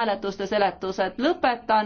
hääletuste seletused lõpetan.